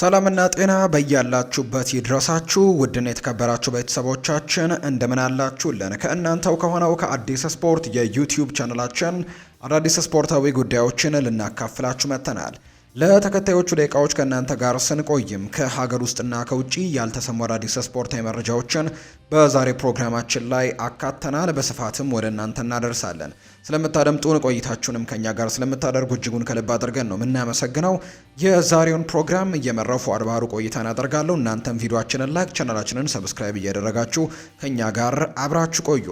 ሰላምና ጤና በያላችሁበት ይድረሳችሁ። ውድን የተከበራችሁ ቤተሰቦቻችን እንደምን አላችሁልን? ከእናንተው ከሆነው ከአዲስ ስፖርት የዩቲዩብ ቻነላችን አዳዲስ ስፖርታዊ ጉዳዮችን ልናካፍላችሁ መጥተናል። ለተከታዮቹ ደቂቃዎች ከእናንተ ጋር ስንቆይም ከሀገር ውስጥና ከውጭ ያልተሰሙ አዳዲስ ስፖርታዊ መረጃዎችን በዛሬ ፕሮግራማችን ላይ አካተናል። በስፋትም ወደ እናንተ እናደርሳለን። ስለምታደምጡን ቆይታችሁንም ከኛ ጋር ስለምታደርጉ እጅጉን ከልብ አድርገን ነው የምናመሰግነው። የዛሬውን ፕሮግራም እየመራው ፉአድ ባህሩ ቆይታን አደርጋለሁ። እናንተም ቪዲዮአችንን ላይክ፣ ቻናላችንን ሰብስክራይብ እያደረጋችሁ ከኛ ጋር አብራችሁ ቆዩ።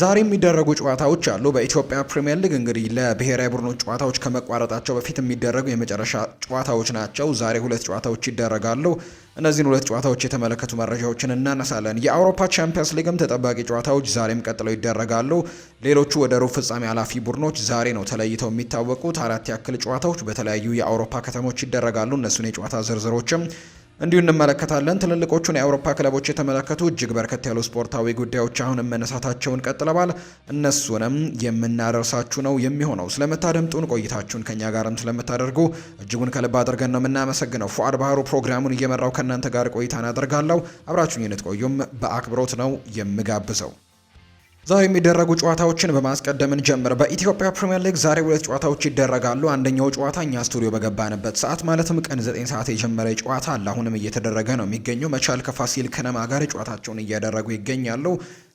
ዛሬ የሚደረጉ ጨዋታዎች አሉ። በኢትዮጵያ ፕሪምየር ሊግ እንግዲህ ለብሔራዊ ቡድኖች ጨዋታዎች ከመቋረጣቸው በፊት የሚደረጉ የመጨረሻ ጨዋታዎች ናቸው። ዛሬ ሁለት ጨዋታዎች ይደረጋሉ። እነዚህን ሁለት ጨዋታዎች የተመለከቱ መረጃዎችን እናነሳለን። የአውሮፓ ቻምፒየንስ ሊግም ተጠባቂ ጨዋታዎች ዛሬም ቀጥለው ይደረጋሉ። ሌሎቹ ወደ ሩብ ፍጻሜ አላፊ ቡድኖች ዛሬ ነው ተለይተው የሚታወቁት። አራት ያክል ጨዋታዎች በተለያዩ የአውሮፓ ከተሞች ጨዋታዎች ይደረጋሉ። እነሱን የጨዋታ ዝርዝሮችም እንዲሁ እንመለከታለን። ትልልቆቹን የአውሮፓ ክለቦች የተመለከቱ እጅግ በርከት ያሉ ስፖርታዊ ጉዳዮች አሁንም መነሳታቸውን ቀጥለዋል። እነሱንም የምናደርሳችሁ ነው የሚሆነው። ስለምታደምጡን ቆይታችሁን ከኛ ጋርም ስለምታደርጉ እጅጉን ከልብ አድርገን ነው የምናመሰግነው። ፉአድ ባህሩ ፕሮግራሙን እየመራው ከእናንተ ጋር ቆይታን አደርጋለሁ። አብራችሁኝ ቆዩም በአክብሮት ነው የምጋብዘው። ዛሬ የሚደረጉ ጨዋታዎችን በማስቀደም ጀምር በኢትዮጵያ ፕሪምየር ሊግ ዛሬ ሁለት ጨዋታዎች ይደረጋሉ። አንደኛው ጨዋታ እኛ ስቱዲዮ በገባንበት ሰዓት ማለትም ቀን ዘጠኝ ሰዓት የጀመረ ጨዋታ አለ። አሁንም እየተደረገ ነው የሚገኘው መቻል ከፋሲል ከነማ ጋር ጨዋታቸውን እያደረጉ ይገኛሉ።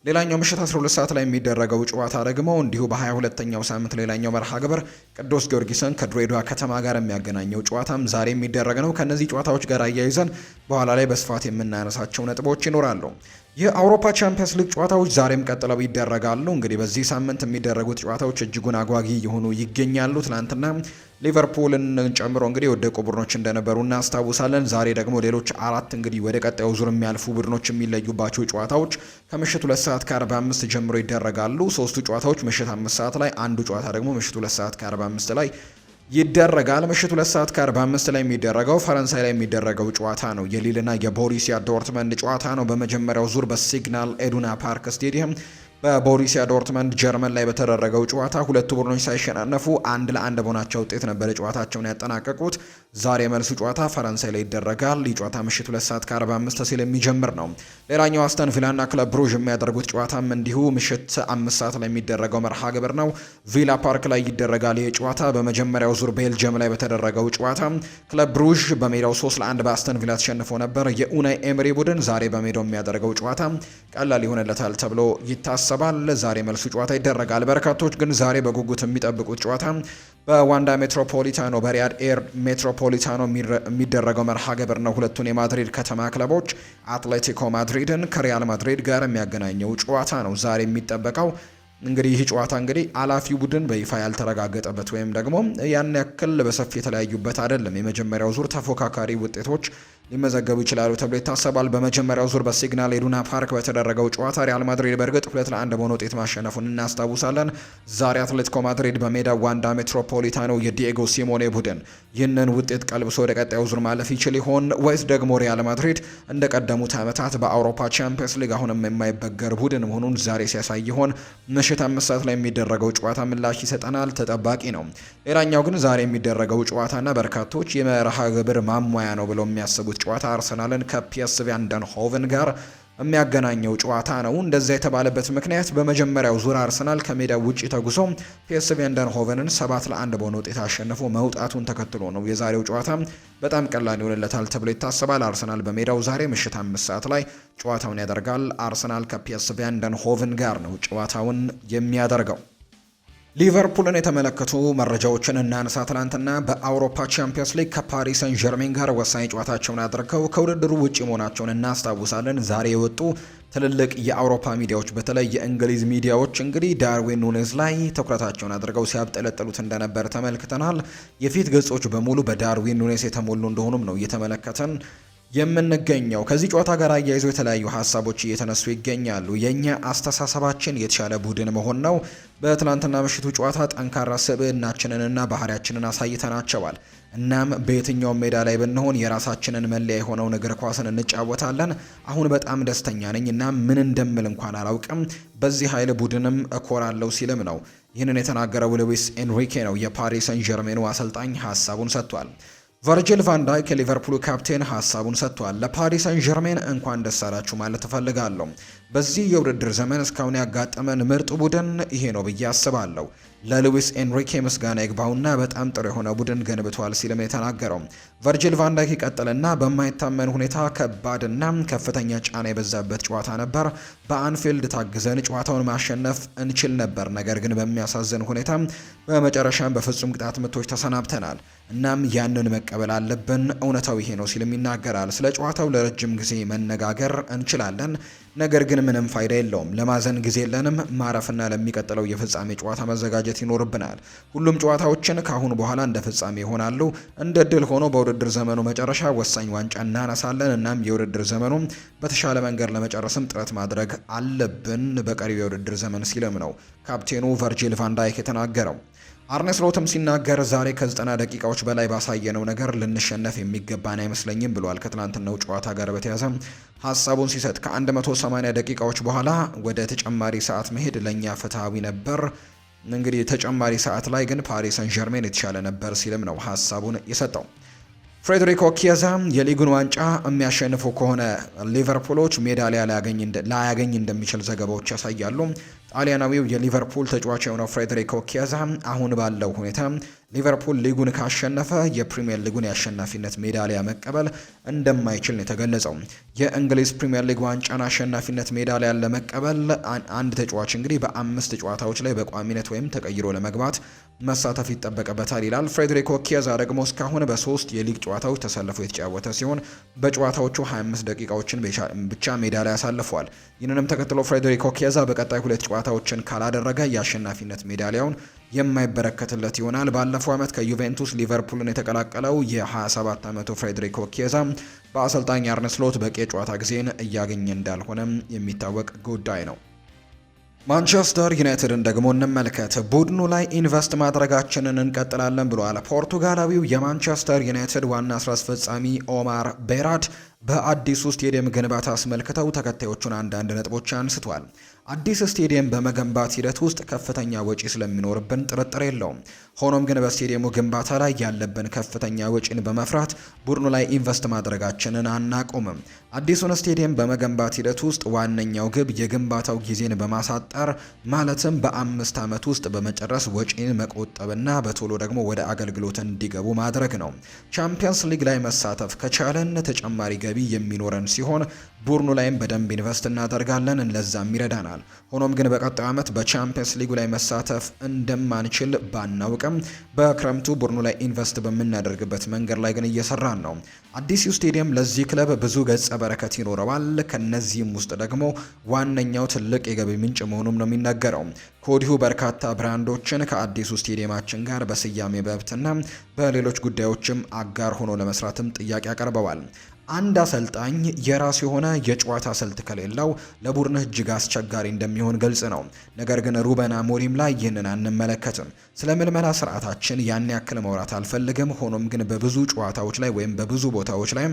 ሌላኛው ምሽት 12 ሰዓት ላይ የሚደረገው ጨዋታ ደግሞ እንዲሁ በ22ኛው ሳምንት ሌላኛው መርሃ ግብር ቅዱስ ጊዮርጊስን ከድሬዳዋ ከተማ ጋር የሚያገናኘው ጨዋታም ዛሬ የሚደረግ ነው። ከእነዚህ ጨዋታዎች ጋር አያይዘን በኋላ ላይ በስፋት የምናነሳቸው ነጥቦች ይኖራሉ። የአውሮፓ ቻምፒየንስ ሊግ ጨዋታዎች ዛሬም ቀጥለው ይደረጋሉ። እንግዲህ በዚህ ሳምንት የሚደረጉት ጨዋታዎች እጅጉን አጓጊ የሆኑ ይገኛሉ። ትናንትና ሊቨርፑልን ጨምሮ እንግዲህ የወደቁ ቡድኖች እንደነበሩ እናስታውሳለን። ዛሬ ደግሞ ሌሎች አራት እንግዲህ ወደ ቀጣዩ ዙር የሚያልፉ ቡድኖች የሚለዩባቸው ጨዋታዎች ከምሽት ሁለት ሰዓት ከአርባ አምስት ጀምሮ ይደረጋሉ። ሶስቱ ጨዋታዎች ምሽት አምስት ሰዓት ላይ፣ አንዱ ጨዋታ ደግሞ ምሽት ሁለት ሰዓት ከአርባ አምስት ላይ ይደረጋል። ምሽት ሁለት ሰዓት ከ45 ላይ የሚደረገው ፈረንሳይ ላይ የሚደረገው ጨዋታ ነው። የሊልና የቦሪሲያ ዶርትመንድ ጨዋታ ነው። በመጀመሪያው ዙር በሲግናል ኤዱና ፓርክ ስቴዲየም በቦሪሲያ ዶርትመንድ ጀርመን ላይ በተደረገው ጨዋታ ሁለቱ ቡድኖች ሳይሸናነፉ አንድ ለአንድ በሆናቸው ውጤት ነበር ጨዋታቸውን ያጠናቀቁት። ዛሬ መልሱ ጨዋታ ፈረንሳይ ላይ ይደረጋል። ይህ ጨዋታ ምሽት ሁለት ሰዓት ከ45 ሲል የሚጀምር ነው። ሌላኛው አስተን ቪላና ክለብ ብሩዥ የሚያደርጉት ጨዋታም እንዲሁ ምሽት አምስት ሰዓት ላይ የሚደረገው መርሃ ግብር ነው። ቪላ ፓርክ ላይ ይደረጋል። ይህ ጨዋታ በመጀመሪያው ዙር ቤልጅየም ላይ በተደረገው ጨዋታ ክለብ ብሩዥ በሜዳው ሶስት ለአንድ በአስተን ቪላ ተሸንፎ ነበር። የኡናይ ኤምሪ ቡድን ዛሬ በሜዳው የሚያደርገው ጨዋታ ቀላል ይሆንለታል ተብሎ ይታሰባል። ይታሰባል። ለዛሬ መልሱ ጨዋታ ይደረጋል። በርካቶች ግን ዛሬ በጉጉት የሚጠብቁት ጨዋታ በዋንዳ ሜትሮፖሊታኖ በሪያድ ኤር ሜትሮፖሊታኖ የሚደረገው መርሃ ግብር ነው። ሁለቱን የማድሪድ ከተማ ክለቦች አትሌቲኮ ማድሪድን ከሪያል ማድሪድ ጋር የሚያገናኘው ጨዋታ ነው ዛሬ የሚጠበቀው። እንግዲህ ይህ ጨዋታ እንግዲህ አላፊ ቡድን በይፋ ያልተረጋገጠበት ወይም ደግሞ ያን ያክል በሰፊ የተለያዩበት አይደለም። የመጀመሪያው ዙር ተፎካካሪ ውጤቶች ሊመዘገቡ ይችላሉ ተብሎ ይታሰባል። በመጀመሪያው ዙር በሲግናል ኢዱና ፓርክ በተደረገው ጨዋታ ሪያል ማድሪድ በእርግጥ ሁለት ለአንድ በሆነ ውጤት ማሸነፉን እናስታውሳለን። ዛሬ አትሌቲኮ ማድሪድ በሜዳ ዋንዳ ሜትሮፖሊታኖ የዲኤጎ ሲሞኔ ቡድን ይህንን ውጤት ቀልብሶ ወደ ቀጣዩ ዙር ማለፍ ይችል ይሆን ወይስ ደግሞ ሪያል ማድሪድ እንደ ቀደሙት ዓመታት በአውሮፓ ቻምፒየንስ ሊግ አሁንም የማይበገር ቡድን መሆኑን ዛሬ ሲያሳይ ይሆን? ምሽት አምስት ሰዓት ላይ የሚደረገው ጨዋታ ምላሽ ይሰጠናል፣ ተጠባቂ ነው። ሌላኛው ግን ዛሬ የሚደረገው ጨዋታና በርካቶች የመርሃ ግብር ማሟያ ነው ብለው የሚያስቡት ጨዋታ አርሰናልን ከፒኤስቪ አንደንሆቨን ጋር የሚያገናኘው ጨዋታ ነው። እንደዛ የተባለበት ምክንያት በመጀመሪያው ዙር አርሰናል ከሜዳ ውጭ ተጉዞ ፒኤስቪ አንደንሆቨንን ሰባት ለአንድ በሆነ ውጤት አሸንፎ መውጣቱን ተከትሎ ነው። የዛሬው ጨዋታ በጣም ቀላል ይሆንለታል ተብሎ ይታሰባል። አርሰናል በሜዳው ዛሬ ምሽት አምስት ሰዓት ላይ ጨዋታውን ያደርጋል። አርሰናል ከፒኤስቪ አንደንሆቨን ጋር ነው ጨዋታውን የሚያደርገው። ሊቨርፑልን የተመለከቱ መረጃዎችን እናንሳ። ትናንትና በአውሮፓ ቻምፒየንስ ሊግ ከፓሪስ ሰን ጀርሜን ጋር ወሳኝ ጨዋታቸውን አድርገው ከውድድሩ ውጭ መሆናቸውን እናስታውሳለን። ዛሬ የወጡ ትልልቅ የአውሮፓ ሚዲያዎች በተለይ የእንግሊዝ ሚዲያዎች እንግዲህ ዳርዊን ኑኔዝ ላይ ትኩረታቸውን አድርገው ሲያብጠለጥሉት እንደነበር ተመልክተናል። የፊት ገጾች በሙሉ በዳርዊን ኑኔዝ የተሞሉ እንደሆኑም ነው እየተመለከተን የምንገኘው። ከዚህ ጨዋታ ጋር አያይዞ የተለያዩ ሀሳቦች እየተነሱ ይገኛሉ። የእኛ አስተሳሰባችን የተሻለ ቡድን መሆን ነው። በትናንትና ምሽቱ ጨዋታ ጠንካራ ስብዕናችንንና ባህሪያችንን አሳይተናቸዋል። እናም በየትኛውም ሜዳ ላይ ብንሆን የራሳችንን መለያ የሆነውን እግር ኳስን እንጫወታለን። አሁን በጣም ደስተኛ ነኝ እና ምን እንደምል እንኳን አላውቅም። በዚህ ኃይል ቡድንም እኮራለሁ ሲልም ነው ይህንን የተናገረው ሉዊስ ኤንሪኬ ነው። የፓሪስ ሰን ጀርሜኑ አሰልጣኝ ሀሳቡን ሰጥቷል። ቨርጂል ቫንዳይክ የሊቨርፑሉ ካፕቴን ሀሳቡን ሰጥቷል። ለፓሪስ ሰን ዠርሜን እንኳን ደስ አላችሁ ማለት እፈልጋለሁ። በዚህ የውድድር ዘመን እስካሁን ያጋጠመን ምርጥ ቡድን ይሄ ነው ብዬ አስባለሁ። ለሉዊስ ኤንሪኬ ምስጋና ይግባውና በጣም ጥሩ የሆነ ቡድን ገንብቷል ሲልም የተናገረው ቨርጂል ቫንዳይክ ይቀጥልና በማይታመን ሁኔታ ከባድና ከፍተኛ ጫና የበዛበት ጨዋታ ነበር። በአንፊልድ ታግዘን ጨዋታውን ማሸነፍ እንችል ነበር፣ ነገር ግን በሚያሳዝን ሁኔታ በመጨረሻም በፍጹም ቅጣት ምቶች ተሰናብተናል። እናም ያንን መቀበል አለብን። እውነታው ይሄ ነው ሲልም ይናገራል። ስለ ጨዋታው ለረጅም ጊዜ መነጋገር እንችላለን፣ ነገር ግን ምንም ፋይዳ የለውም። ለማዘን ጊዜ የለንም። ማረፍና ለሚቀጥለው የፍጻሜ ጨዋታ መዘጋጀት ይኖርብናል። ሁሉም ጨዋታዎችን ከአሁን በኋላ እንደ ፍጻሜ ይሆናሉ። እንደ ድል ሆኖ በውድድር ዘመኑ መጨረሻ ወሳኝ ዋንጫ እናነሳለን። እናም የውድድር ዘመኑ በተሻለ መንገድ ለመጨረስም ጥረት ማድረግ አለብን በቀሪው የውድድር ዘመን ሲልም ነው ካፕቴኑ ቨርጂል ቫንዳይክ የተናገረው። አርኔስ ሎትም ሲናገር ዛሬ ከዘጠና ደቂቃዎች በላይ ባሳየነው ነገር ልንሸነፍ የሚገባን አይመስለኝም ብሏል። ከትናንትናው ጨዋታ ጋር በተያያዘ ሀሳቡን ሲሰጥ ከ180 ደቂቃዎች በኋላ ወደ ተጨማሪ ሰዓት መሄድ ለእኛ ፍትሐዊ ነበር። እንግዲህ ተጨማሪ ሰዓት ላይ ግን ፓሪስ ሰን ዠርሜን የተሻለ ነበር ሲልም ነው ሀሳቡን የሰጠው። ፍሬድሪኮ ኪያዛ የሊጉን ዋንጫ የሚያሸንፉ ከሆነ ሊቨርፑሎች ሜዳሊያ ላያገኝ እንደሚችል ዘገባዎች ያሳያሉ። ጣሊያናዊው የሊቨርፑል ተጫዋች የሆነው ፍሬድሪኮ ኪያዛ አሁን ባለው ሁኔታ ሊቨርፑል ሊጉን ካሸነፈ የፕሪምየር ሊጉን የአሸናፊነት ሜዳሊያ መቀበል እንደማይችል ነው የተገለጸው። የእንግሊዝ ፕሪምየር ሊግ ዋንጫን አሸናፊነት ሜዳሊያን ለመቀበል አንድ ተጫዋች እንግዲህ በአምስት ጨዋታዎች ላይ በቋሚነት ወይም ተቀይሮ ለመግባት መሳተፍ ይጠበቅበታል ይላል። ፍሬድሪኮ ኪያዛ ደግሞ እስካሁን በሶስት የሊግ ጨዋታዎች ተሰልፎ የተጫወተ ሲሆን በጨዋታዎቹ 25 ደቂቃዎችን ብቻ ሜዳ ላይ አሳልፏል። ይህንንም ተከትሎ ፍሬድሪኮ ኪያዛ በቀጣይ ሁለት ጨዋታዎችን ካላደረገ የአሸናፊነት ሜዳሊያውን የማይበረከትለት ይሆናል። ባለፈው ዓመት ከዩቬንቱስ ሊቨርፑልን የተቀላቀለው የ27 ዓመቱ ፍሬድሪኮ ኬዛ በአሰልጣኝ አርነ ስሎት በቂ የጨዋታ ጊዜን እያገኘ እንዳልሆነም የሚታወቅ ጉዳይ ነው። ማንቸስተር ዩናይትድን ደግሞ እንመልከት። ቡድኑ ላይ ኢንቨስት ማድረጋችንን እንቀጥላለን ብለዋል። ፖርቱጋላዊው የማንቸስተር ዩናይትድ ዋና ስራ አስፈጻሚ ኦማር ቤራድ በአዲሱ ስቴዲየም ግንባታ አስመልክተው ተከታዮቹን አንዳንድ ነጥቦች አንስቷል። አዲስ ስቴዲየም በመገንባት ሂደት ውስጥ ከፍተኛ ወጪ ስለሚኖርብን ጥርጥር የለውም። ሆኖም ግን በስቴዲየሙ ግንባታ ላይ ያለብን ከፍተኛ ወጪን በመፍራት ቡድኑ ላይ ኢንቨስት ማድረጋችንን አናቆምም። አዲሱን ስቴዲየም በመገንባት ሂደት ውስጥ ዋነኛው ግብ የግንባታው ጊዜን በማሳጠር ማለትም በአምስት ዓመት ውስጥ በመጨረስ ወጪን መቆጠብና በቶሎ ደግሞ ወደ አገልግሎት እንዲገቡ ማድረግ ነው። ቻምፒየንስ ሊግ ላይ መሳተፍ ከቻለን ተጨማሪ ገቢ የሚኖረን ሲሆን ቡድኑ ላይም በደንብ ኢንቨስት እናደርጋለን፣ ለዛም ይረዳናል። ሆኖም ግን በቀጣዩ ዓመት በቻምፒየንስ ሊጉ ላይ መሳተፍ እንደማንችል ባናውቅ በመጠቀም በክረምቱ ቡድኑ ላይ ኢንቨስት በምናደርግበት መንገድ ላይ ግን እየሰራን ነው። አዲሱ ስቴዲየም ለዚህ ክለብ ብዙ ገጸ በረከት ይኖረዋል። ከነዚህም ውስጥ ደግሞ ዋነኛው ትልቅ የገቢ ምንጭ መሆኑም ነው የሚነገረው። ከወዲሁ በርካታ ብራንዶችን ከአዲሱ ስቴዲየማችን ጋር በስያሜ በብትና በሌሎች ጉዳዮችም አጋር ሆኖ ለመስራትም ጥያቄ አቀርበዋል። አንድ አሰልጣኝ የራሱ የሆነ የጨዋታ ስልት ከሌለው ለቡድንህ እጅግ አስቸጋሪ እንደሚሆን ግልጽ ነው። ነገር ግን ሩበን አሞሪም ላይ ይህንን አንመለከትም። ስለ ምልመላ ስርዓታችን ያን ያክል መውራት አልፈልግም። ሆኖም ግን በብዙ ጨዋታዎች ላይ ወይም በብዙ ቦታዎች ላይ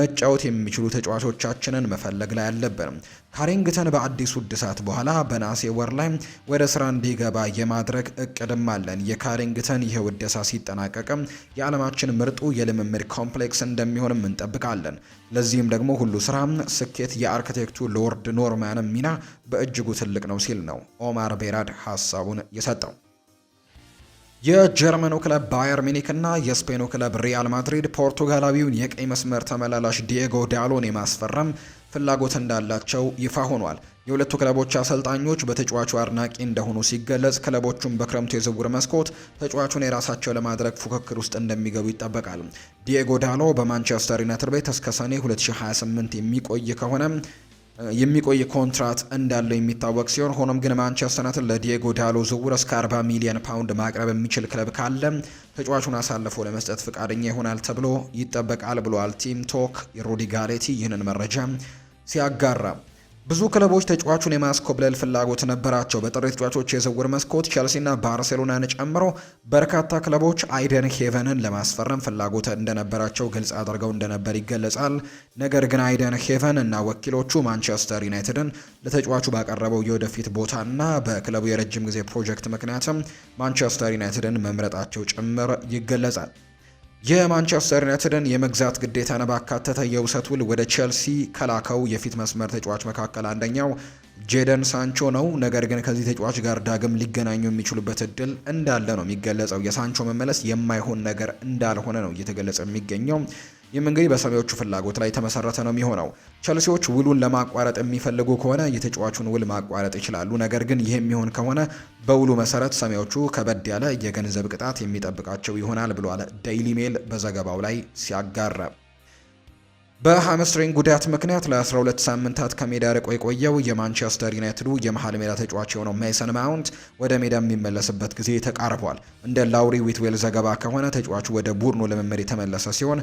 መጫወት የሚችሉ ተጫዋቾቻችንን መፈለግ ላይ አለብን ካሪንግተን በአዲሱ እድሳት በኋላ በናሴ ወር ላይ ወደ ስራ እንዲገባ የማድረግ እቅድም አለን። የካሪንግተን ይህ ውደሳ ሲጠናቀቅም የዓለማችን ምርጡ የልምምድ ኮምፕሌክስ እንደሚሆንም እንጠብቃለን። ለዚህም ደግሞ ሁሉ ስራ ስኬት የአርክቴክቱ ሎርድ ኖርማንም ሚና በእጅጉ ትልቅ ነው ሲል ነው ኦማር ቤራድ ሀሳቡን የሰጠው። የጀርመኑ ክለብ ባየር ሚኒክ እና የስፔኑ ክለብ ሪያል ማድሪድ ፖርቱጋላዊውን የቀኝ መስመር ተመላላሽ ዲየጎ ዳሎን የማስፈረም ፍላጎት እንዳላቸው ይፋ ሆኗል። የሁለቱ ክለቦች አሰልጣኞች በተጫዋቹ አድናቂ እንደሆኑ ሲገለጽ፣ ክለቦቹም በክረምቱ የዝውውር መስኮት ተጫዋቹን የራሳቸው ለማድረግ ፉክክር ውስጥ እንደሚገቡ ይጠበቃል። ዲየጎ ዳሎ በማንቸስተር ዩናይትድ ቤት እስከ ሰኔ 2028 የሚቆይ ከሆነ የሚቆይ ኮንትራት እንዳለው የሚታወቅ ሲሆን ሆኖም ግን ማንቸስተር ዩናይትድ ለዲየጎ ዳሎ ዝውውር እስከ 40 ሚሊዮን ፓውንድ ማቅረብ የሚችል ክለብ ካለ ተጫዋቹን አሳልፎ ለመስጠት ፍቃደኛ ይሆናል ተብሎ ይጠበቃል ብሏል። ቲም ቶክ ሩዲ ጋሌቲ ይህንን መረጃ ሲያጋራ ብዙ ክለቦች ተጫዋቹን የማስኮብለል ፍላጎት ነበራቸው። በጥሬ ተጫዋቾች የዝውውር መስኮት ቼልሲና ባርሴሎናን ጨምሮ በርካታ ክለቦች አይደን ሄቨንን ለማስፈረም ፍላጎት እንደነበራቸው ግልጽ አድርገው እንደነበር ይገለጻል። ነገር ግን አይደን ሄቨን እና ወኪሎቹ ማንቸስተር ዩናይትድን ለተጫዋቹ ባቀረበው የወደፊት ቦታና በክለቡ የረጅም ጊዜ ፕሮጀክት ምክንያትም ማንቸስተር ዩናይትድን መምረጣቸው ጭምር ይገለጻል። የማንቸስተር ዩናይትድን የመግዛት ግዴታን ባካተተ የውሰት ውል ወደ ቼልሲ ከላከው የፊት መስመር ተጫዋች መካከል አንደኛው ጄደን ሳንቾ ነው። ነገር ግን ከዚህ ተጫዋች ጋር ዳግም ሊገናኙ የሚችሉበት እድል እንዳለ ነው የሚገለጸው። የሳንቾ መመለስ የማይሆን ነገር እንዳልሆነ ነው እየተገለጸ የሚገኘው። ይህም እንግዲህ በሰሜዎቹ ፍላጎት ላይ የተመሰረተ ነው የሚሆነው። ቸልሲዎች ውሉን ለማቋረጥ የሚፈልጉ ከሆነ የተጫዋቹን ውል ማቋረጥ ይችላሉ። ነገር ግን ይህ የሚሆን ከሆነ በውሉ መሰረት ሰሜዎቹ ከበድ ያለ የገንዘብ ቅጣት የሚጠብቃቸው ይሆናል ብሏል ዴይሊ ሜል በዘገባው ላይ ሲያጋራ በሃምስትሪንግ ጉዳት ምክንያት ለ12 ሳምንታት ከሜዳ ርቆ የቆየው የማንቸስተር ዩናይትዱ የመሃል ሜዳ ተጫዋች የሆነው ሜሰን ማውንት ወደ ሜዳ የሚመለስበት ጊዜ ተቃርቧል። እንደ ላውሪ ዊትዌል ዘገባ ከሆነ ተጫዋቹ ወደ ቡድኑ ልምምድ የተመለሰ ሲሆን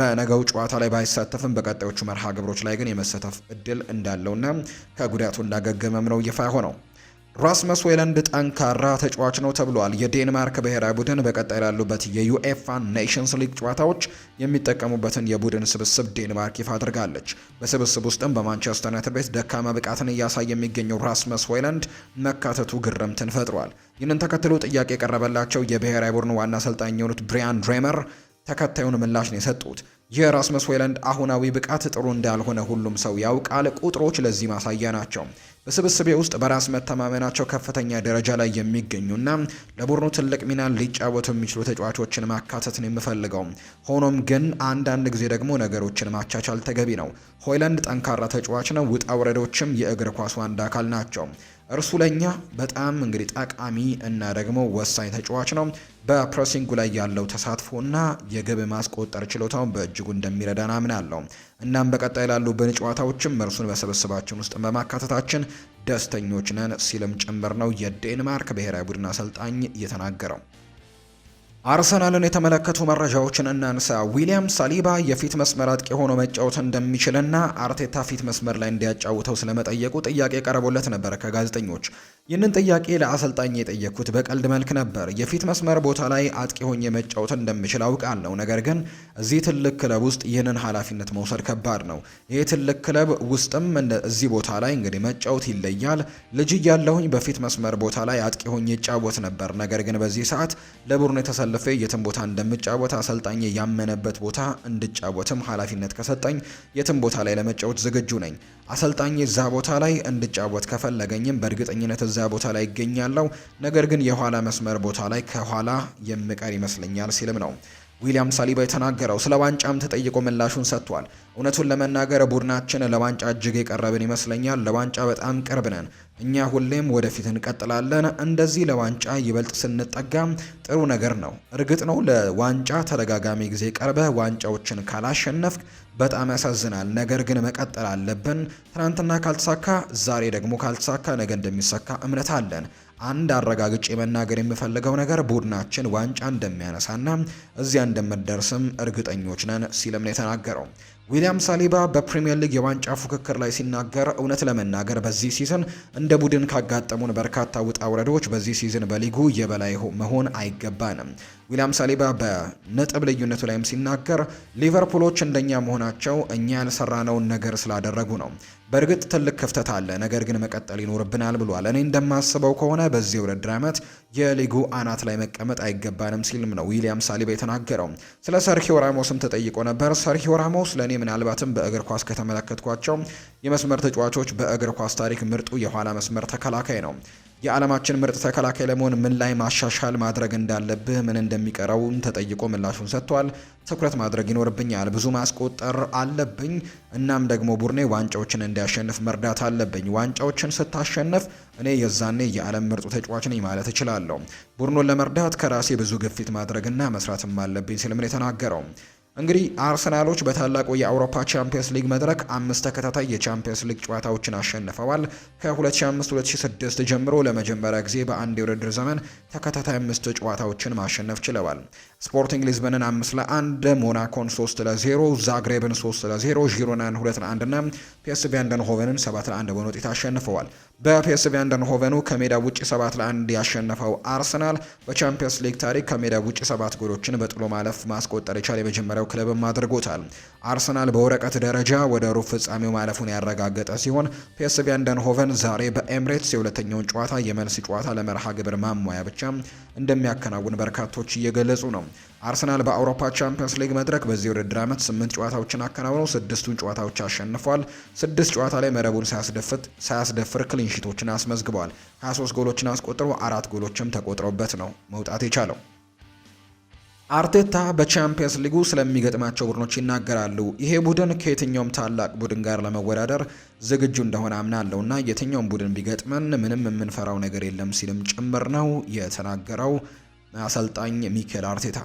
በነገው ጨዋታ ላይ ባይሳተፍም በቀጣዮቹ መርሃ ግብሮች ላይ ግን የመሰተፍ እድል እንዳለውና ከጉዳቱ እንዳገገመም ነው ይፋ ሆነው ራስመስ ሆይሉንድ ጠንካራ ተጫዋች ነው ተብሏል። የዴንማርክ ብሔራዊ ቡድን በቀጣይ ላሉበት የዩኤፋ ኔሽንስ ሊግ ጨዋታዎች የሚጠቀሙበትን የቡድን ስብስብ ዴንማርክ ይፋ አድርጋለች። በስብስብ ውስጥም በማንቸስተር ዩናይትድ ቤት ደካማ ብቃትን እያሳየ የሚገኘው ራስመስ ሆይለንድ መካተቱ ግርምትን ፈጥሯል። ይህንን ተከትሎ ጥያቄ የቀረበላቸው የብሔራዊ ቡድን ዋና አሰልጣኝ የሆኑት ብሪያን ድሬመር ተከታዩን ምላሽ ነው የሰጡት። የራስመስ ሆይላንድ አሁናዊ ብቃት ጥሩ እንዳልሆነ ሁሉም ሰው ያውቃል። ቁጥሮች ለዚህ ማሳያ ናቸው። በስብስቤ ውስጥ በራስ መተማመናቸው ከፍተኛ ደረጃ ላይ የሚገኙና ለቡድኑ ትልቅ ሚና ሊጫወቱ የሚችሉ ተጫዋቾችን ማካተት ነው የምፈልገው። ሆኖም ግን አንዳንድ ጊዜ ደግሞ ነገሮችን ማቻቻል ተገቢ ነው። ሆይላንድ ጠንካራ ተጫዋች ነው። ውጣ ውረዶችም የእግር ኳሱ አንድ አካል ናቸው። እርሱ ለኛ በጣም እንግዲህ ጠቃሚ እና ደግሞ ወሳኝ ተጫዋች ነው። በፕሬሲንጉ ላይ ያለው እና የግብ ማስቆጠር ችሎታውን በእጅጉ እንደሚረዳን አምናለሁ። እናም በቀጣይ ላሉብን ጨዋታዎችም እርሱን በስብስባችን ውስጥ በማካተታችን ደስተኞች ነን ሲልም ጭምር ነው የዴንማርክ ብሔራዊ ቡድን አሰልጣኝ የተናገረው። አርሰናልን የተመለከቱ መረጃዎችን እናንሳ። ዊሊያም ሳሊባ የፊት መስመር አጥቂ ሆኖ መጫወት እንደሚችልና አርቴታ ፊት መስመር ላይ እንዲያጫውተው ስለመጠየቁ ጥያቄ ቀርቦለት ነበር ከጋዜጠኞች። ይህንን ጥያቄ ለአሰልጣኝ የጠየኩት በቀልድ መልክ ነበር። የፊት መስመር ቦታ ላይ አጥቂ ሆኜ መጫወት እንደምችል አውቃለሁ፣ ነገር ግን እዚህ ትልቅ ክለብ ውስጥ ይህንን ኃላፊነት መውሰድ ከባድ ነው። ይህ ትልቅ ክለብ ውስጥም እዚህ ቦታ ላይ እንግዲህ መጫወት ይለያል። ልጅ እያለሁኝ በፊት መስመር ቦታ ላይ አጥቂ ሆኜ ይጫወት ነበር። ነገር ግን በዚህ ሰዓት ለቡድኑ የተሰልፈ የትም ቦታ እንደምጫወት አሰልጣኝ ያመነበት ቦታ እንድጫወትም ኃላፊነት ከሰጠኝ የትም ቦታ ላይ ለመጫወት ዝግጁ ነኝ። አሰልጣኝ እዛ ቦታ ላይ እንድጫወት ከፈለገኝም በእርግጠኝነት እዛ ቦታ ላይ ይገኛለው። ነገር ግን የኋላ መስመር ቦታ ላይ ከኋላ የምቀር ይመስለኛል ሲልም ነው ዊሊያም ሳሊባ የተናገረው። ስለ ዋንጫም ተጠይቆ ምላሹን ሰጥቷል። እውነቱን ለመናገር ቡድናችን ለዋንጫ እጅግ የቀረብን ይመስለኛል። ለዋንጫ በጣም ቅርብ ነን። እኛ ሁሌም ወደፊት እንቀጥላለን። እንደዚህ ለዋንጫ ይበልጥ ስንጠጋም ጥሩ ነገር ነው። እርግጥ ነው ለዋንጫ ተደጋጋሚ ጊዜ ቀርበ ዋንጫዎችን ካላሸነፍክ በጣም ያሳዝናል። ነገር ግን መቀጠል አለብን። ትናንትና ካልተሳካ ዛሬ ደግሞ ካልተሳካ ነገ እንደሚሳካ እምነት አለን። አንድ አረጋግጬ መናገር የምፈልገው ነገር ቡድናችን ዋንጫ እንደሚያነሳና እዚያ እንደምደርስም እርግጠኞች ነን ሲልም ነው የተናገረው። ዊሊያም ሳሊባ በፕሪምየር ሊግ የዋንጫ ፉክክር ላይ ሲናገር እውነት ለመናገር በዚህ ሲዝን እንደ ቡድን ካጋጠሙን በርካታ ውጣ ውረዶች በዚህ ሲዝን በሊጉ የበላይ መሆን አይገባንም። ዊሊያም ሳሊባ በነጥብ ልዩነቱ ላይም ሲናገር ሊቨርፑሎች እንደኛ መሆናቸው እኛ ያልሰራነውን ነገር ስላደረጉ ነው። በእርግጥ ትልቅ ክፍተት አለ፣ ነገር ግን መቀጠል ይኖርብናል ብሏል። እኔ እንደማስበው ከሆነ በዚህ ውድድር ዓመት የሊጉ አናት ላይ መቀመጥ አይገባንም ሲልም ነው ዊሊያም ሳሊባ የተናገረው። ስለ ሰርኪዮ ራሞስም ተጠይቆ ነበር። ሰርኪዮ ራሞስ ለእኔ ምናልባትም በእግር ኳስ ከተመለከትኳቸው የመስመር ተጫዋቾች በእግር ኳስ ታሪክ ምርጡ የኋላ መስመር ተከላካይ ነው። የዓለማችን ምርጥ ተከላካይ ለመሆን ምን ላይ ማሻሻል ማድረግ እንዳለብህ፣ ምን እንደሚቀረውም ተጠይቆ ምላሹን ሰጥቷል። ትኩረት ማድረግ ይኖርብኛል፣ ብዙ ማስቆጠር አለብኝ። እናም ደግሞ ቡድኔ ዋንጫዎችን እንዲያሸንፍ መርዳት አለብኝ። ዋንጫዎችን ስታሸንፍ እኔ የዛኔ የዓለም ምርጡ ተጫዋች ነኝ ማለት እችላለሁ። ቡድኑን ለመርዳት ከራሴ ብዙ ግፊት ማድረግና መስራትም አለብኝ ሲልም ነው የተናገረው። እንግዲህ አርሰናሎች በታላቁ የአውሮፓ ቻምፒየንስ ሊግ መድረክ አምስት ተከታታይ የቻምፒየንስ ሊግ ጨዋታዎችን አሸንፈዋል። ከ2005-2006 ጀምሮ ለመጀመሪያ ጊዜ በአንድ የውድድር ዘመን ተከታታይ አምስት ጨዋታዎችን ማሸነፍ ችለዋል። ስፖርቲንግ ሊዝበንን ለ1፣ ሞናኮን ለ0፣ ዛግሬብን ሶስት ለዜሮ፣ ዢሮናን ለ1 ና ፒኤስቪ አንደንሆቨንን ሰባት 1 በሆነ ውጤት አሸንፈዋል። በፒኤስቪ አንደንሆቨኑ ከሜዳ ውጭ ለ1 ያሸነፈው አርሰናል በቻምፒየንስ ሊግ ታሪክ ከሜዳ ውጭ 7 ጎሎችን በጥሎ ማለፍ ማስቆጠር የቻለ የመጀመሪያ የመጀመሪያው ክለብም አድርጎታል። አርሰናል በወረቀት ደረጃ ወደ ሩብ ፍጻሜው ማለፉን ያረጋገጠ ሲሆን ፒኤስቪ አይንድሆቨን ዛሬ በኤምሬትስ የሁለተኛውን ጨዋታ የመልስ ጨዋታ ለመርሃ ግብር ማሟያ ብቻ እንደሚያከናውን በርካቶች እየገለጹ ነው። አርሰናል በአውሮፓ ቻምፒየንስ ሊግ መድረክ በዚህ ውድድር ዓመት ስምንት ጨዋታዎችን አከናውነው ስድስቱን ጨዋታዎች አሸንፏል። ስድስት ጨዋታ ላይ መረቡን ሳያስደፍር ክሊንሺቶችን አስመዝግቧል። 23 ጎሎችን አስቆጥሮ አራት ጎሎችም ተቆጥረውበት ነው መውጣት የቻለው። አርቴታ በቻምፒየንስ ሊጉ ስለሚገጥማቸው ቡድኖች ይናገራሉ። ይሄ ቡድን ከየትኛውም ታላቅ ቡድን ጋር ለመወዳደር ዝግጁ እንደሆነ አምናለሁ እና የትኛውም ቡድን ቢገጥመን ምንም የምንፈራው ነገር የለም ሲልም ጭምር ነው የተናገረው አሰልጣኝ ሚኬል አርቴታ።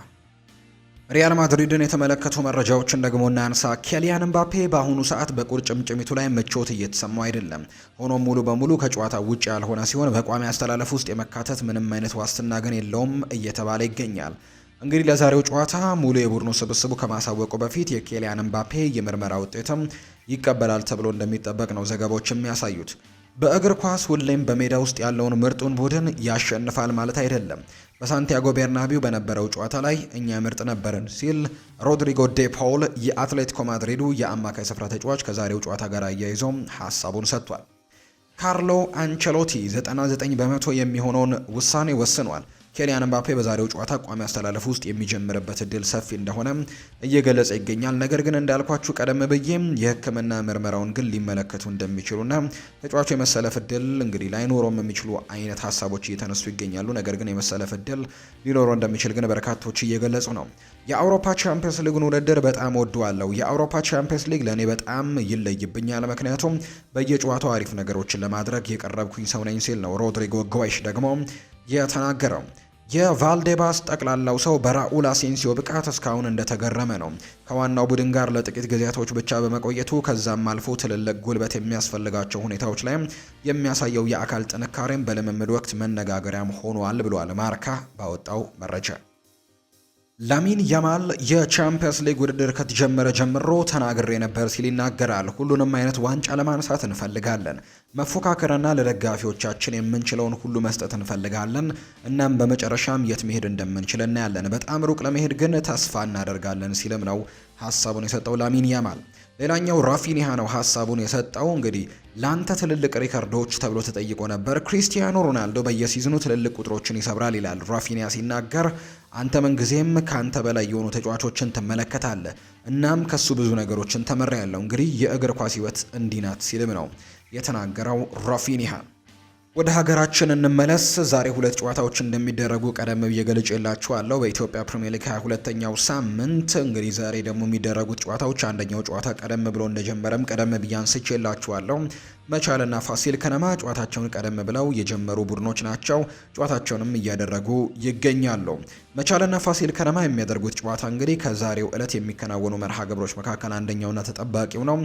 ሪያል ማድሪድን የተመለከቱ መረጃዎችን ደግሞ እናንሳ። ኬሊያን እምባፔ በአሁኑ ሰዓት በቁርጭምጭሚቱ ላይ ምቾት እየተሰማው አይደለም። ሆኖም ሙሉ በሙሉ ከጨዋታ ውጭ ያልሆነ ሲሆን በቋሚ አስተላለፍ ውስጥ የመካተት ምንም አይነት ዋስትና ግን የለውም እየተባለ ይገኛል። እንግዲህ ለዛሬው ጨዋታ ሙሉ የቡድኑ ስብስቡ ከማሳወቁ በፊት የኬሊያን ኤምባፔ የምርመራ ውጤትም ይቀበላል ተብሎ እንደሚጠበቅ ነው ዘገባዎች የሚያሳዩት። በእግር ኳስ ሁሌም በሜዳ ውስጥ ያለውን ምርጡን ቡድን ያሸንፋል ማለት አይደለም። በሳንቲያጎ ቤርናቢው በነበረው ጨዋታ ላይ እኛ ምርጥ ነበርን ሲል ሮድሪጎ ዴ ፓውል የአትሌቲኮ ማድሪዱ የአማካይ ስፍራ ተጫዋች ከዛሬው ጨዋታ ጋር አያይዞም ሀሳቡን ሰጥቷል። ካርሎ አንቸሎቲ 99 በመቶ የሚሆነውን ውሳኔ ወስኗል። ኬሊያን ምባፔ በዛሬው ጨዋታ ቋሚ አስተላለፍ ውስጥ የሚጀምርበት እድል ሰፊ እንደሆነ እየገለጸ ይገኛል። ነገር ግን እንዳልኳችሁ ቀደም ብዬ የሕክምና ምርመራውን ግን ሊመለከቱ እንደሚችሉና ተጫዋቹ የመሰለፍ እድል እንግዲህ ላይኖረውም የሚችሉ አይነት ሀሳቦች እየተነሱ ይገኛሉ። ነገር ግን የመሰለፍ እድል ሊኖረው እንደሚችል ግን በርካቶች እየገለጹ ነው። የአውሮፓ ቻምፒየንስ ሊግን ውድድር በጣም ወደዋለሁ። የአውሮፓ ቻምፒየንስ ሊግ ለእኔ በጣም ይለይብኛል፣ ምክንያቱም በየጨዋታው አሪፍ ነገሮችን ለማድረግ የቀረብኩኝ ሰው ነኝ ሲል ነው ሮድሪጎ ጓይሽ ደግሞ የተናገረው። የቫልዴባስ ጠቅላላው ሰው በራኡል አሴንሲዮ ብቃት እስካሁን እንደተገረመ ነው። ከዋናው ቡድን ጋር ለጥቂት ጊዜያቶች ብቻ በመቆየቱ ከዛም አልፎ ትልልቅ ጉልበት የሚያስፈልጋቸው ሁኔታዎች ላይ የሚያሳየው የአካል ጥንካሬም በልምምድ ወቅት መነጋገሪያም ሆኗል ብሏል ማርካ ባወጣው መረጃ። ላሚን ያማል የቻምፒየንስ ሊግ ውድድር ከተጀመረ ጀምሮ ተናግሬ ነበር ሲል ይናገራል። ሁሉንም አይነት ዋንጫ ለማንሳት እንፈልጋለን። መፎካከርና ለደጋፊዎቻችን የምንችለውን ሁሉ መስጠት እንፈልጋለን። እናም በመጨረሻም የት መሄድ እንደምንችል እናያለን። በጣም ሩቅ ለመሄድ ግን ተስፋ እናደርጋለን ሲልም ነው ሀሳቡን የሰጠው ላሚን ያማል። ሌላኛው ራፊኒሃ ነው ሀሳቡን የሰጠው። እንግዲህ ላንተ ትልልቅ ሪከርዶች ተብሎ ተጠይቆ ነበር። ክሪስቲያኖ ሮናልዶ በየሲዝኑ ትልልቅ ቁጥሮችን ይሰብራል ይላል ራፊኒያ ሲናገር። አንተ ምንጊዜም ከአንተ በላይ የሆኑ ተጫዋቾችን ትመለከታለህ፣ እናም ከሱ ብዙ ነገሮችን ተመራ ያለው እንግዲህ የእግር ኳስ ህይወት እንዲናት ናት ሲልም ነው የተናገረው ራፊኒሃ። ወደ ሀገራችን እንመለስ። ዛሬ ሁለት ጨዋታዎች እንደሚደረጉ ቀደም ብዬ ገልጬላችኋለሁ። በኢትዮጵያ ፕሪምየር ሊግ ሀያ ሁለተኛው ሳምንት እንግዲህ ዛሬ ደግሞ የሚደረጉት ጨዋታዎች አንደኛው ጨዋታ ቀደም ብሎ እንደጀመረም ቀደም ብዬ አንስቼላችኋለሁ። መቻልና ፋሲል ከነማ ጨዋታቸውን ቀደም ብለው የጀመሩ ቡድኖች ናቸው። ጨዋታቸውንም እያደረጉ ይገኛሉ። መቻልና ፋሲል ከነማ የሚያደርጉት ጨዋታ እንግዲህ ከዛሬው ዕለት የሚከናወኑ መርሃ ግብሮች መካከል አንደኛውና ተጠባቂው ነው።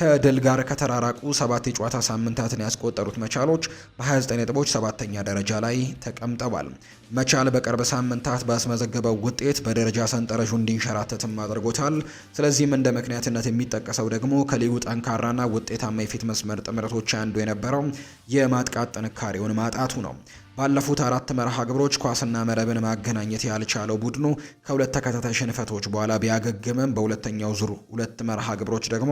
ከድል ጋር ከተራራቁ ሰባት የጨዋታ ሳምንታትን ያስቆጠሩት መቻሎች በ29 ነጥቦች ሰባተኛ ደረጃ ላይ ተቀምጠዋል። መቻል በቅርብ ሳምንታት ባስመዘገበው ውጤት በደረጃ ሰንጠረዡ እንዲንሸራተትም አድርጎታል። ስለዚህም እንደ ምክንያትነት የሚጠቀሰው ደግሞ ከልዩ ጠንካራና ውጤታማ የፊት መስመር ጥምር ጥረቶች አንዱ የነበረው የማጥቃት ጥንካሬውን ማጣቱ ነው። ባለፉት አራት መርሃ ግብሮች ኳስና መረብን ማገናኘት ያልቻለው ቡድኑ ከሁለት ተከታታይ ሽንፈቶች በኋላ ቢያገግምም በሁለተኛው ዙር ሁለት መርሃ ግብሮች ደግሞ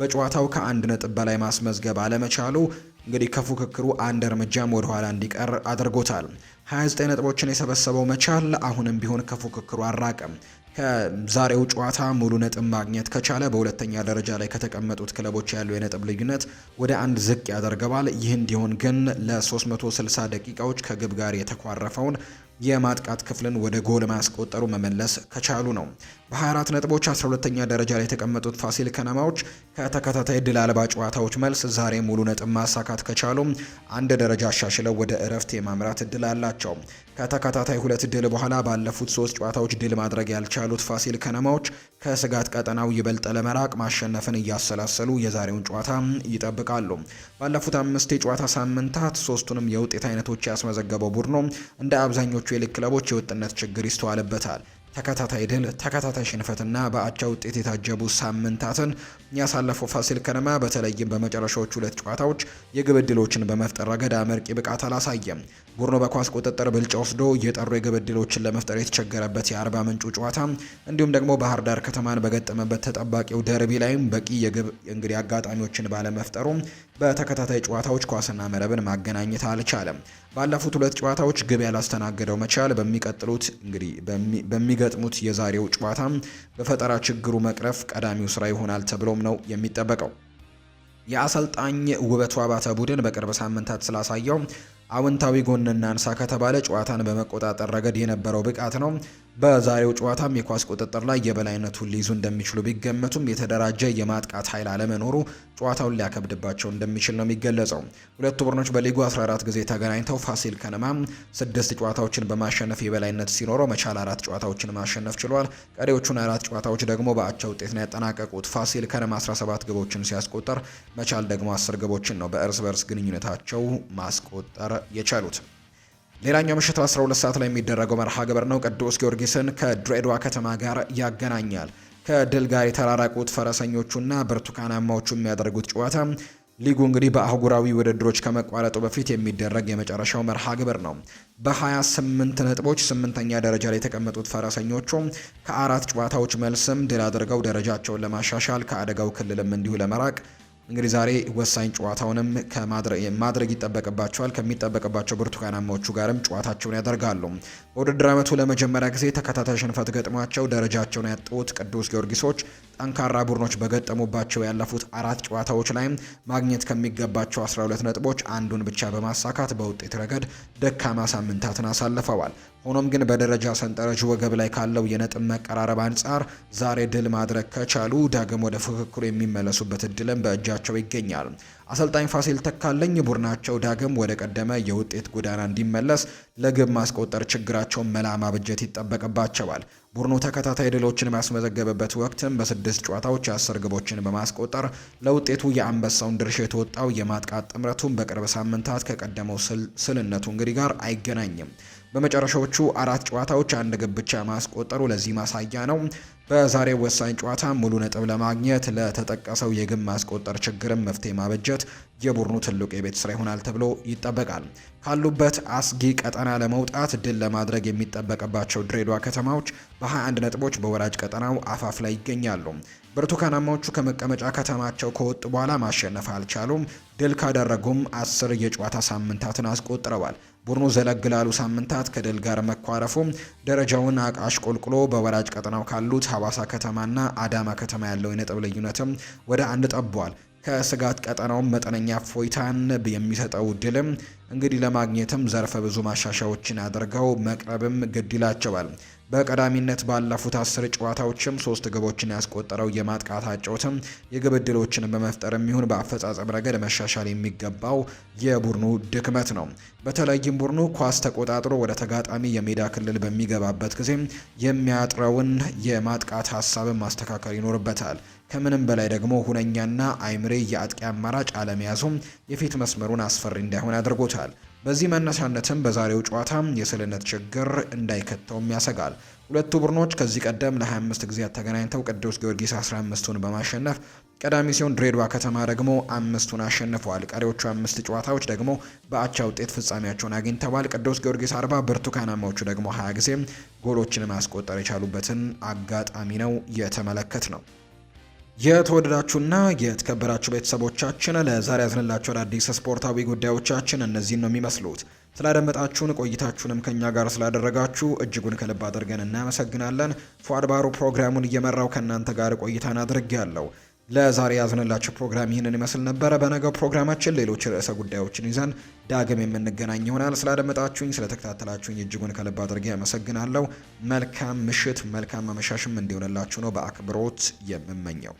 በጨዋታው ከአንድ ነጥብ በላይ ማስመዝገብ አለመቻሉ እንግዲህ ከፉክክሩ አንድ እርምጃም ወደኋላ እንዲቀር አድርጎታል። 29 ነጥቦችን የሰበሰበው መቻል አሁንም ቢሆን ከፉክክሩ አራቀም ከዛሬው ጨዋታ ሙሉ ነጥብ ማግኘት ከቻለ በሁለተኛ ደረጃ ላይ ከተቀመጡት ክለቦች ያለው የነጥብ ልዩነት ወደ አንድ ዝቅ ያደርገዋል። ይህ እንዲሆን ግን ለ360 ደቂቃዎች ከግብ ጋር የተኳረፈውን የማጥቃት ክፍልን ወደ ጎል ማስቆጠሩ መመለስ ከቻሉ ነው። በ24 ነጥቦች 12ተኛ ደረጃ ላይ የተቀመጡት ፋሲል ከነማዎች ከተከታታይ ድል አልባ ጨዋታዎች መልስ ዛሬ ሙሉ ነጥብ ማሳካት ከቻሉም አንድ ደረጃ አሻሽለው ወደ እረፍት የማምራት እድል አላቸው። ከተከታታይ ሁለት ድል በኋላ ባለፉት ሶስት ጨዋታዎች ድል ማድረግ ያልቻሉት ፋሲል ከነማዎች ከስጋት ቀጠናው ይበልጥ ለመራቅ ማሸነፍን እያሰላሰሉ የዛሬውን ጨዋታ ይጠብቃሉ። ባለፉት አምስት የጨዋታ ሳምንታት ሶስቱንም የውጤት አይነቶች ያስመዘገበው ቡድኖ እንደ አብዛኞቹ የሊግ ክለቦች የወጥነት ችግር ይስተዋልበታል። ተከታታይ ድል፣ ተከታታይ ሽንፈትና በአቻ ውጤት የታጀቡ ሳምንታትን ያሳለፈው ፋሲል ከነማ በተለይም በመጨረሻዎቹ ሁለት ጨዋታዎች የግብ ዕድሎችን በመፍጠር ረገድ አመርቂ ብቃት አላሳየም። ቡድኑ በኳስ ቁጥጥር ብልጫ ወስዶ የጠሩ የግብ ዕድሎችን ለመፍጠር የተቸገረበት የአርባ ምንጩ ጨዋታ እንዲሁም ደግሞ ባህር ዳር ከተማን በገጠመበት ተጠባቂው ደርቢ ላይም በቂ የግብ እንግዲህ አጋጣሚዎችን ባለመፍጠሩ በተከታታይ ጨዋታዎች ኳስና መረብን ማገናኘት አልቻለም። ባለፉት ሁለት ጨዋታዎች ግብ ያላስተናገደው መቻል በሚቀጥሉት እንግዲህ በሚገጥሙት የዛሬው ጨዋታም በፈጠራ ችግሩ መቅረፍ ቀዳሚው ስራ ይሆናል ተብሎም ነው የሚጠበቀው። የአሰልጣኝ ውበቱ አባተ ቡድን በቅርብ ሳምንታት ስላሳየው አውንታዊ ጎን እናንሳ ከተባለ ጨዋታን በመቆጣጠር ረገድ የነበረው ብቃት ነው። በዛሬው ጨዋታም የኳስ ቁጥጥር ላይ የበላይነቱን ሊይዙ እንደሚችሉ ቢገመቱም የተደራጀ የማጥቃት ኃይል አለመኖሩ ጨዋታውን ሊያከብድባቸው እንደሚችል ነው የሚገለጸው። ሁለቱ ቡድኖች በሊጉ 14 ጊዜ ተገናኝተው ፋሲል ከነማ ስድስት ጨዋታዎችን በማሸነፍ የበላይነት ሲኖረው መቻል አራት ጨዋታዎችን ማሸነፍ ችሏል። ቀሪዎቹን አራት ጨዋታዎች ደግሞ በአቻ ውጤት ነው ያጠናቀቁት። ፋሲል ከነማ 17 ግቦችን ሲያስቆጠር፣ መቻል ደግሞ 10 ግቦችን ነው በእርስ በርስ ግንኙነታቸው ማስቆጠር የቻሉት። ሌላኛው ምሽት 12 ሰዓት ላይ የሚደረገው መርሃ ግብር ነው። ቅዱስ ጊዮርጊስን ከድሬዳዋ ከተማ ጋር ያገናኛል። ከድል ጋር የተራራቁት ፈረሰኞቹና ብርቱካናማዎቹ የሚያደርጉት ጨዋታ ሊጉ እንግዲህ በአህጉራዊ ውድድሮች ከመቋረጡ በፊት የሚደረግ የመጨረሻው መርሃ ግብር ነው። በ28 ነጥቦች ስምንተኛ ደረጃ ላይ የተቀመጡት ፈረሰኞቹ ከአራት ጨዋታዎች መልስም ድል አድርገው ደረጃቸውን ለማሻሻል ከአደጋው ክልልም እንዲሁ ለመራቅ እንግዲህ ዛሬ ወሳኝ ጨዋታውንም ማድረግ ይጠበቅባቸዋል። ከሚጠበቅባቸው ብርቱካናማዎቹ ጋርም ጨዋታቸውን ያደርጋሉ። በውድድር ዓመቱ ለመጀመሪያ ጊዜ ተከታታይ ሽንፈት ገጥሟቸው ደረጃቸውን ያጡት ቅዱስ ጊዮርጊሶች ጠንካራ ቡድኖች በገጠሙባቸው ያለፉት አራት ጨዋታዎች ላይም ማግኘት ከሚገባቸው 12 ነጥቦች አንዱን ብቻ በማሳካት በውጤት ረገድ ደካማ ሳምንታትን አሳልፈዋል። ሆኖም ግን በደረጃ ሰንጠረዥ ወገብ ላይ ካለው የነጥብ መቀራረብ አንጻር ዛሬ ድል ማድረግ ከቻሉ ዳግም ወደ ፍክክሩ የሚመለሱበት እድልም በእጃቸው ይገኛል። አሰልጣኝ ፋሲል ተካለኝ ቡድናቸው ዳግም ወደ ቀደመ የውጤት ጎዳና እንዲመለስ ለግብ ማስቆጠር ችግራቸውን መላ ማበጀት ይጠበቅባቸዋል። ቡድኑ ተከታታይ ድሎችን ባስመዘገበበት ወቅትም በስድስት ጨዋታዎች አስር ግቦችን በማስቆጠር ለውጤቱ የአንበሳውን ድርሻ የተወጣው የማጥቃት ጥምረቱን በቅርብ ሳምንታት ከቀደመው ስልነቱ እንግዲህ ጋር አይገናኝም። በመጨረሻዎቹ አራት ጨዋታዎች አንድ ግብ ብቻ ማስቆጠሩ ለዚህ ማሳያ ነው። በዛሬው ወሳኝ ጨዋታ ሙሉ ነጥብ ለማግኘት ለተጠቀሰው የግብ ማስቆጠር ችግርም መፍትሄ ማበጀት የቡድኑ ትልቁ የቤት ስራ ይሆናል ተብሎ ይጠበቃል። ካሉበት አስጊ ቀጠና ለመውጣት ድል ለማድረግ የሚጠበቅባቸው ድሬዳዋ ከተማዎች በ21 ነጥቦች በወራጅ ቀጠናው አፋፍ ላይ ይገኛሉ። ብርቱካናማዎቹ ከመቀመጫ ከተማቸው ከወጡ በኋላ ማሸነፍ አልቻሉም። ድል ካደረጉም አስር የጨዋታ ሳምንታትን አስቆጥረዋል። ቡድኑ ዘለግ ላሉ ሳምንታት ከድል ጋር መኳረፉ ደረጃውን አሽቆልቁሎ በወራጅ ቀጠናው ካሉት ሀዋሳ ከተማና አዳማ ከተማ ያለው የነጥብ ልዩነትም ወደ አንድ ጠቧል። ከስጋት ቀጠናውም መጠነኛ ፎይታን የሚሰጠው ድልም እንግዲህ ለማግኘትም ዘርፈ ብዙ ማሻሻዎችን አድርገው መቅረብም ግድ ይላቸዋል። በቀዳሚነት ባለፉት አስር ጨዋታዎችም ሶስት ግቦችን ያስቆጠረው የማጥቃት አጨውትም የግብ ዕድሎችን በመፍጠርም በአፈጻጸም ረገድ መሻሻል የሚገባው የቡድኑ ድክመት ነው። በተለይም ቡድኑ ኳስ ተቆጣጥሮ ወደ ተጋጣሚ የሜዳ ክልል በሚገባበት ጊዜ የሚያጥረውን የማጥቃት ሀሳብን ማስተካከል ይኖርበታል። ከምንም በላይ ደግሞ ሁነኛና አይምሬ የአጥቂ አማራጭ አለመያዙም የፊት መስመሩን አስፈሪ እንዳይሆን አድርጎታል። በዚህ መነሻነትም በዛሬው ጨዋታ የስልነት ችግር እንዳይከተውም ያሰጋል። ሁለቱ ቡድኖች ከዚህ ቀደም ለ25 ጊዜያት ተገናኝተው ቅዱስ ጊዮርጊስ 15ቱን በማሸነፍ ቀዳሚ ሲሆን ድሬዳዋ ከተማ ደግሞ አምስቱን አሸንፈዋል። ቀሪዎቹ አምስት ጨዋታዎች ደግሞ በአቻ ውጤት ፍጻሜያቸውን አግኝተዋል። ቅዱስ ጊዮርጊስ አርባ ብርቱካናማዎቹ ደግሞ 20 ጊዜ ጎሎችን ማስቆጠር የቻሉበትን አጋጣሚ ነው የተመለከት ነው። የተወደዳችሁና የተከበራችሁ ቤተሰቦቻችን ለዛሬ ያዝንላችሁ አዳዲስ ስፖርታዊ ጉዳዮቻችን እነዚህን ነው የሚመስሉት። ስላደመጣችሁን ቆይታችሁንም ከእኛ ጋር ስላደረጋችሁ እጅጉን ከልብ አድርገን እናመሰግናለን። ፏድባሩ ፕሮግራሙን እየመራው ከእናንተ ጋር ቆይታን አድርጌ ያለው ለዛሬ ያዝንላችሁ ፕሮግራም ይህንን ይመስል ነበረ። በነገው ፕሮግራማችን ሌሎች ርዕሰ ጉዳዮችን ይዘን ዳግም የምንገናኝ ይሆናል። ስላደመጣችሁኝ፣ ስለተከታተላችሁኝ እጅጉን ከልብ አድርጌ አመሰግናለሁ። መልካም ምሽት፣ መልካም አመሻሽም እንዲሆንላችሁ ነው በአክብሮት የምመኘው።